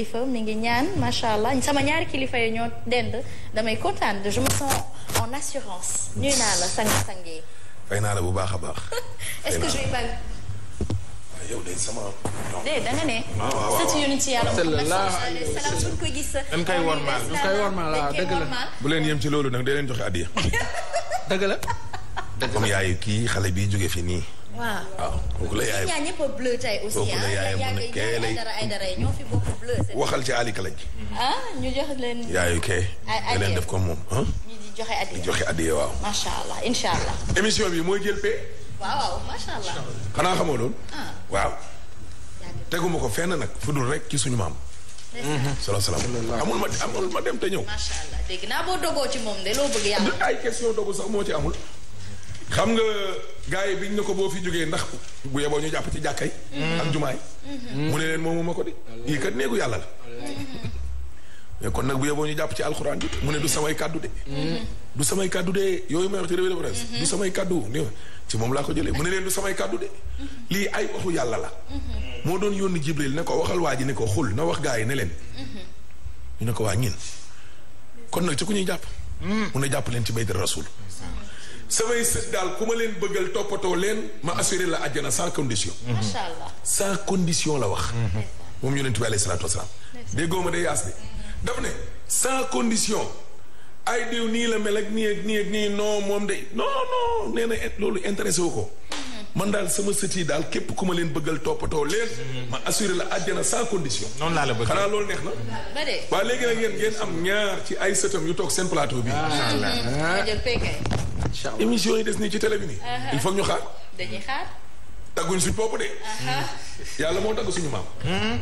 kilifa mi ngi ñaan macha allah sama ñaari kilifa yi ñoo dend damay kontaan je me sens en assurance. ñuy naa la sang sang yi. fay naa la bu baax a baax. est-ce que je vais pas. yow de sama. de da nga ne. Ah, waaw waaw waaw sëñ ci yàlla moom koy gis. dañ koy wormaal dañ koy wormaal waaw dëgg la. bu leen yem ci loolu nag dee leen joxe addiya. dëgg la. dëgg la comme yaayu kii xale bi jóge fi nii. waaw waaw ah, kooku la yaayam ñaar ñëpp bleu tey aussi ah. waxal ci Ali Kalaj ah leen def ko moom joxe ah? addiya di joxe addiya waaw macha allah incha allah émission bi mooy jël pee waaw waaw macha allah xanaa xamoo loolu waaw teguma ko fenn nag fu dul rek ki suñu maam salaam salaam amul ma amul ma dem te ñëw macha allah dégg naa boo dogoo ci moom loo bëgg yàlla ay question dogu sax moo ci amul xam nga gars yi biñ ne ko boo fi jógee ndax bu yeboo ñu jàpp ci jàkkay mm-hmm. ak jumaay mm-hmm. mu ne leen moomu ma ko di lii kat néegu yàlla la mm-hmm. mais kon nag bu yeboo ñu jàpp ci alxuraan bi mu ne du samay kàddu de du samay kàddu de yooyu may wax ci revue samay kàddu ni moom laa ko jëlee mu ne leen du samay kàddu de lii ay waxu yàlla la moo doon yónni jibril ne ko waxal waa ji ne ko xul na wax gars yi ne leen ñu ne ko waa ñin kon nag ci ku ñuy jàpp mm. mu ne jàpp leen ci bay baytal rasul samay sët daal ku ma leen bëggal toppatoo leen ma assuré la àjjana sans condition. Mm-hmm. macha allah sans condition la wax. Mm-hmm. moom yonent bi alayhi salaatu wasalaam. déggoo ma day yaas de daf ne condition. ay diw nii la mel ak nii nii ak moom de non nee na loolu intéressé wu ko. Mm-hmm. man daal sama sët yi daal képp ku ma leen bëggal toppatoo leen. ma assuré la àjjana sa condition. noonu laa la bëgg xanaa loolu neex na. ba léegi nag yen ngeen am ñaar ci ay sëtam yu toog seen plateau bi. Ah, macha allah incha allah yi des nii ci télé bi nii. Uh-huh. ñu xaar. dañuy xaar. tagguñ si bopp de. Uh-huh. yàlla moo tagg suñu maam. Uh-huh.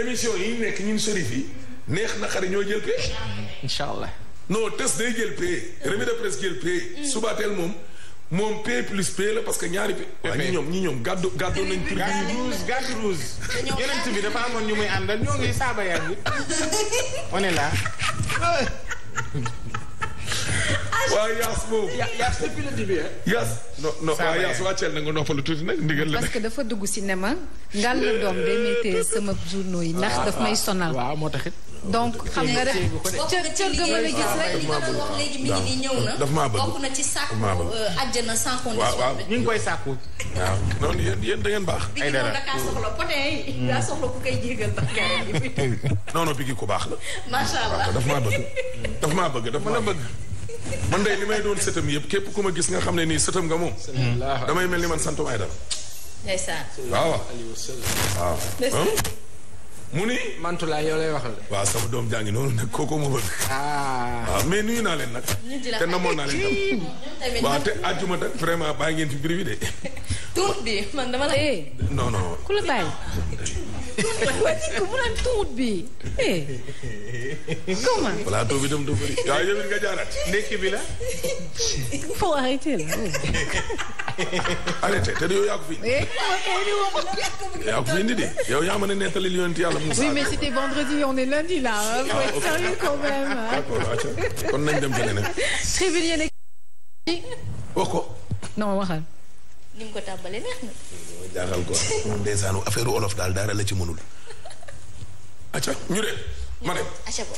émission yi nekk ñun sërif yi neex na xari ñoo jël pee. incha allah. non test day jël pee. revue de presse jël pee. Mm. subateel moom. moom P plus P la parce que ñaari P. waaw ñi ñoom ñi ñoom gàddu gàddu nañ. tur bi rouge gàddu rouge. yeneen bi dafa amoon ñu muy àndal ñoo ngi saaba yaa ngi on est waaw yaas boobu. yaas depuis le na nga noppalu tuuti nag ndigal la parce que dafa dugg cinéma. ngal la doom day méttee sama journaux yi ndax daf may sonal. waaw moo taxit. donc nga daf maa bëgg bokk na ci sàkku euh, àjjana sans condition. waaw ñu ngi koy sàkku. waaw noonu yéen yéen baax. ay dara bi ñu soxla potin yi. daa soxla ku koy jégal ndax gerte gi. ku baax la. macha allah daf ma bëgg. daf maa bëgg. man de li may doon sëtam yëpp képp ku ma gis nga xam ne ni sëtam nga moom. damay mel ni man santu ay dara. ndeysaan. waaw mu ni. Mantula yow lay waxal. waaw sama doom jàngi noonu nag kooku ma bëgg. Ah. waaw mais nuyu naa leen nag. te namoon naa leen tam. waaw te àjjuma nag vraiment ngeen fi mbir bi de. tur bi man waaye nit ko mu naan tuut bi comment. Eh. plateau bi dem du bëri waaw yow it nga jaaraat. ndekki bi faut arrêter là. arrêté te yow eh, yaa ko fi indi. yaa ko fi indi de yow yaa yàlla Moussa. oui mais c'était vendredi on est lundi là. faut être ah, sérieux quand même. d'accord ah, kon nañ dem feneen. tribune yéen wax ko. non ni mu ko tàmbalee neex na. jaaxal ko ndeysaan affaire olof daal dara la ci mënul. acca ñu dem ma dem. acca ko.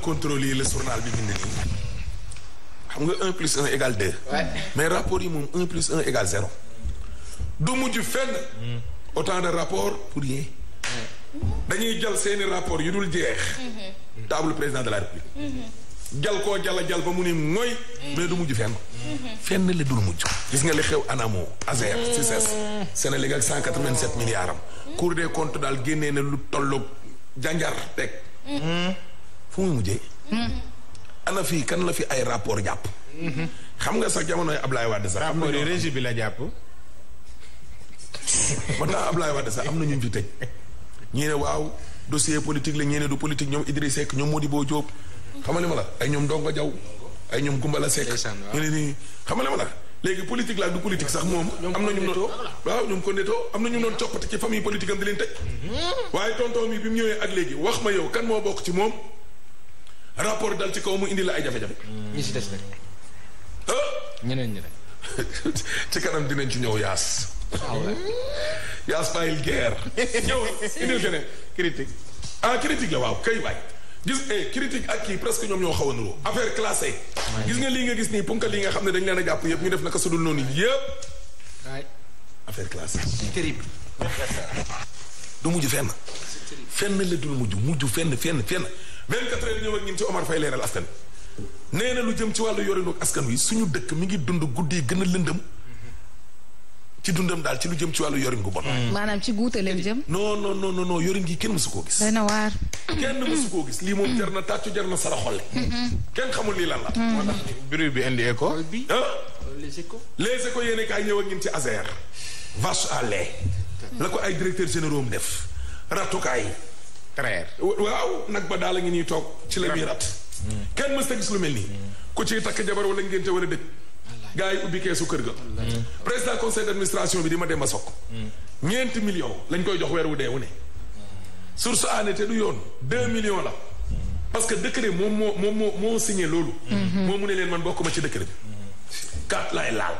contrôler le nga 1 plus 1 égale mais rapport yi moom 1 plus 1 égale 0. du mujj fenn. Mm. autant de rapport pour rien. Mm. dañuy jël seeni rapport yu dul jeex. Mm-hmm. table président de la république. Mm-hmm. jal koo jala jal ba mu ne mooy. Mm. mais du mujj fenn. fenn la dul mujj. gis nga li xew Anamo. seen CICES. Sénégal ak 187 milliards am. Cour des comptes daal génnee na lu tolloog jànjar teg. fu muy mujjee. ana fii kan la fi ay rapport jàpp. xam nga sax jamonoy Ablaye Wade sax. am na rapport yi régie bi la jàpp. ba tax Ablaye Wade sax am na ñu fi tëj. ñii ne waaw dossier politique la ñii ne du politique ñoom Idriss Seck ñoom Modibo Diop. xamal ma la ay ñoom Ndongo Diaw. ay ñoom Gumbala Seck ñu ne nii xam nga ma la léegi politique laa du politique sax moom am nañu noonu waaw ñoom ko netoo am nañu noonu coppati ci famille politique am di leen tëj mm-hmm. waaye tonton mi bi mu ñëwee ak léegi wax ma yow kan moo bokk ci moom rapport dal ci kaw mu indi la ay jafe-jafe si mm. des rek ñeneen ci kanam dinañ ci ñëw yaas ah, yaas bàyyil guerre ñëw indil keneen critique ah critique la waaw kay waay gis eh critique ak kii presque ñoom ñoo xaw a nuroo affaire classée. gis nga lii nga gis nii ponk lii nga xam ne dañ leen a jàpp yëpp ñu def naka sudul noonu yëpp. du mujj fenn. fenn la dul mujj mujj fenn fenn fenn. 24 heures ñëw ak ñun ci Omar Faye leeral askan wi. nee lu jëm ci wàllu yorinu askan wi suñu dëkk mi ngi dund guddi yi gën a lëndëm. ci dundam daal ci lu jëm ci wàllu yorin gu bon. maanaam ci guute leen jëm. non non non yorin gi kenn mësu koo gis. kenn mësu koo gis lii moom jar na tàccu jar na sara xolle kenn xamul lii lan la moo tax bruit bi indi écho ah. les échos les échos yéene kaay ñëw a ngin ci ASER vache à lait la ko ay directeur généraux def ratukaay traire waaw nag ba daal a ngi ñuy toog ci la ñuy rat kenn mës ta gis lu mel nii ku ciy takk jabar wala ngénte war a dëj gars yi ubbi keesu kër ga président conseil d'administration bi di ma dem ba sokk hmm. ñeenti millions lañ koy jox weer wu dee wu ne source année du yoon deux millions la parce que décret moom moo moom moo moo signé loolu mhm. moom mu ne leen man bokkuma ci décret bi quatre laay laal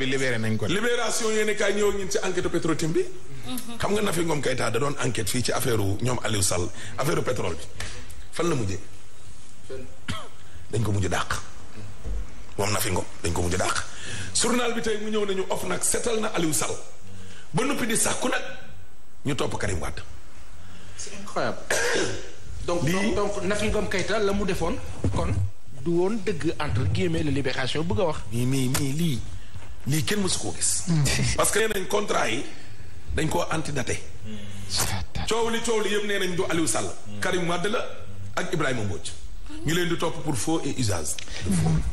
libéré nañ ko libération yéen kaay ñëw ñun ci enquête Petro-Tim bi mhm. xam nga Nafi Ngom Keïta da doon enquête fii ci affaire ñoom Aliou Sall affaire pétrole bi fan la mujje dañ ko mujj dàq moom Nafi Ngom dañ ko mujj dàq journal bi tey mu ñëw nañu of nag setal na Aliou Sall ba noppi di sàkku nag ñu topp Karim Wade. c'est incroyable. donc donc donc Nafi Ngom la mu defoon kon. du woon dëgg entre guillemets la libération bëgg a wax. mais mii mais lii lii kenn mësu koo gis. Hmm. parce que nee contrat yi dañ koo antidaté. Hmm. coow li coow li yëpp nee du Aliou Sall. Hmm. Karim Wade la ak Ibrahima Mbodj. ñu leen di topp pour faux et usage.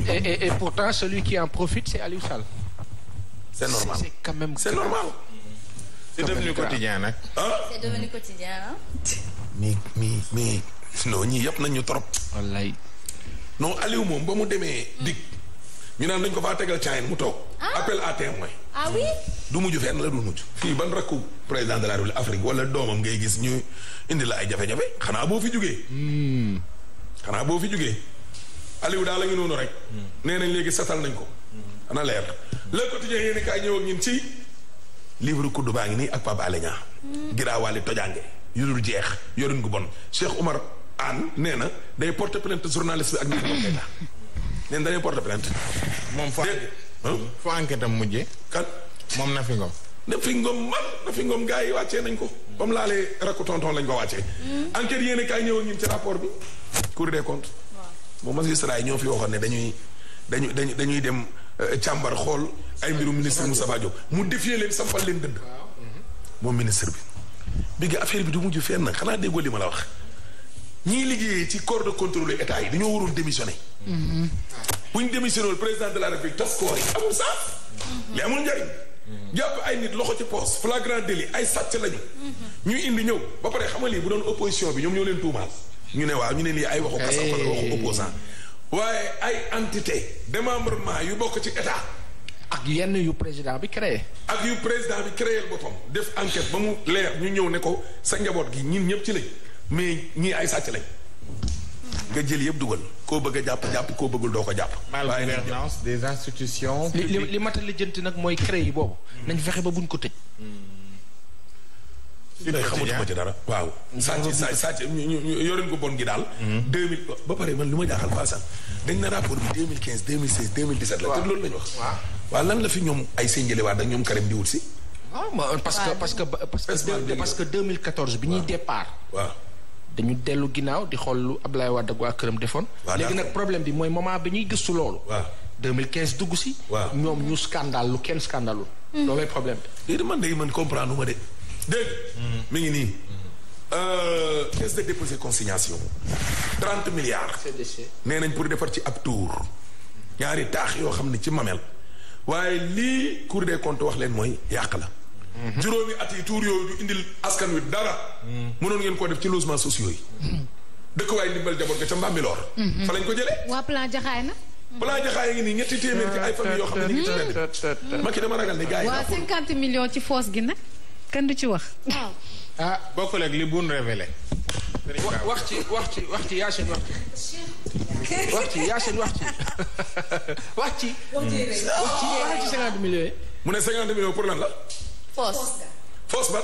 et et pourtant celui qui en profite c'est Aliou Sall. c'est normal c'est devenu quotidien nag. c'est devenu mii mi mi mi non ñii yëpp nañu trop. wallaay. non Aliou moom ba mu demee. dig ñu naan dañ ko faa tegal caa mu toog. Ah. appel à mooy ah du mujj fenn la du mujj. fii ban rakku président de la République Afrique wala doomam ngay gis ñu indi la ay jafe-jafe xanaa boo fi jugee. Hmm. xanaa boo fi jugee. Aliou daal la ngi noonu rek. Hmm. nee nañ léegi satal nañ ko. Hmm. ana leer la quotidien yéen a kaay ñëw ak livre kudd baa ngi nii ak Pape Alé Niang mm. giraawaale tojaange yu dul jeex yorin gu bon Cheikh Oumar Anne nee na day porte plainte journaliste bi ak naan moom na day porte plainte moom foo enquête am mujje kan moom na fi ngoom na fi ngoom man na fi ngoom gars yi wàccee nañ ko ba mu laalee rakku tonton lañ ko wàccee mm. enquête yéene kaay ñëw ak ñun ci rapport bi Cour des comptes moom magistrat yi ñoo fi waxoon ne dañuy dañu dañuy dem Euh, càmbar xool ay mbiru ministre Moustapha Diop mu défier leen sampal leen dënd boo ministre bi bi nga affaire bi du mujj na xanaa déggoo li ma la wax ñii liggéeyee ci corps de contrôle état yi dañoo waroon démissionné mm-hmm. bu ñu démissionné woon président de la république tas koor yi amul sax mm-hmm. mais amul njariñ mm-hmm. jàpp ay nit loxo ci poos flagrant délit ay sàcc lañu ñu indi ñëw ba pare xamal lii bu doon opposition bi ñoom ñoo leen tuumaal ñu ne waaw ñu ne lii ay waxu kasam wala waxu opposant waaye ay entité démembrement yu bokk ci état. ak yenn yu président bi créé. ak yu président bi créé boppam def enquête ba mu leer ñu ñëw ne ko sa njaboot gi ñin ñëpp ci lañ mais ñii ay sàcc lañ. nga jël yëpp dugal koo bëgg a jàpp jàpp koo bëggul doo ko jàpp. malgouvernance des institutions. li li li matal lijjanti nag mooy créé yi boobu. Hmm. nañ fexe ba buñ ko tëj. Hmm. li mm-hmm. ma jaaxal Fassane dañ na rapport bi deux mille quinze deux mille seize deux mille dix ah, bi ñuy départ waaw dañu léegi nag problème bi mooy moment bi ñuy gëstu loolu dugg si ñoom ñu scandale lu kenn scandalul hmm. loolooy problème bi déedéet man day man comprendre ma de dégg mm. mi ngi nii. Mm. Euh, caisse de déposé consignation. 30 milliards. nee nañ pour defar ci ab tour ñaari taax yoo xam ne ci mamel waaye lii cour des comptes wax leen mooy yàq la. Mm-hmm. juróomi at yi tuur yooyu du indil askan wi dara. Mm. mënoon ngeen koo def ci logements sociaux yi. Mm-hmm. dëkkuwaay ndimbal jaboot nga ca Mbambilor. Mm-hmm. fa lañ ko jëlee. waa plan jaxaay na. plan jaxaay ngi nii ñetti téeméer ci ay famille yoo xam ne ñu ngi ci benn. dama ragal ne gars yi. waa 50 millions ci foos gi nag. kenn du ci wax. ah boo ak li buun révélé. wax ci wax ci wax ci yaa seen wax ci. wax ci yaa seen wax ci. wax ci. Ah. wax ci cinquante millions mu ne cinquante la. foos. ba.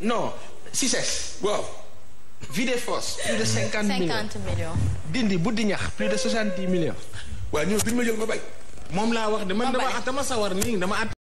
non Cissesse. waaw. vide foos. plus de cinquante millions dindi buddi ñax plus de soixante dix millions. waaw ma jël ma bay. moom laa wax de man dama dama sawar nii dama.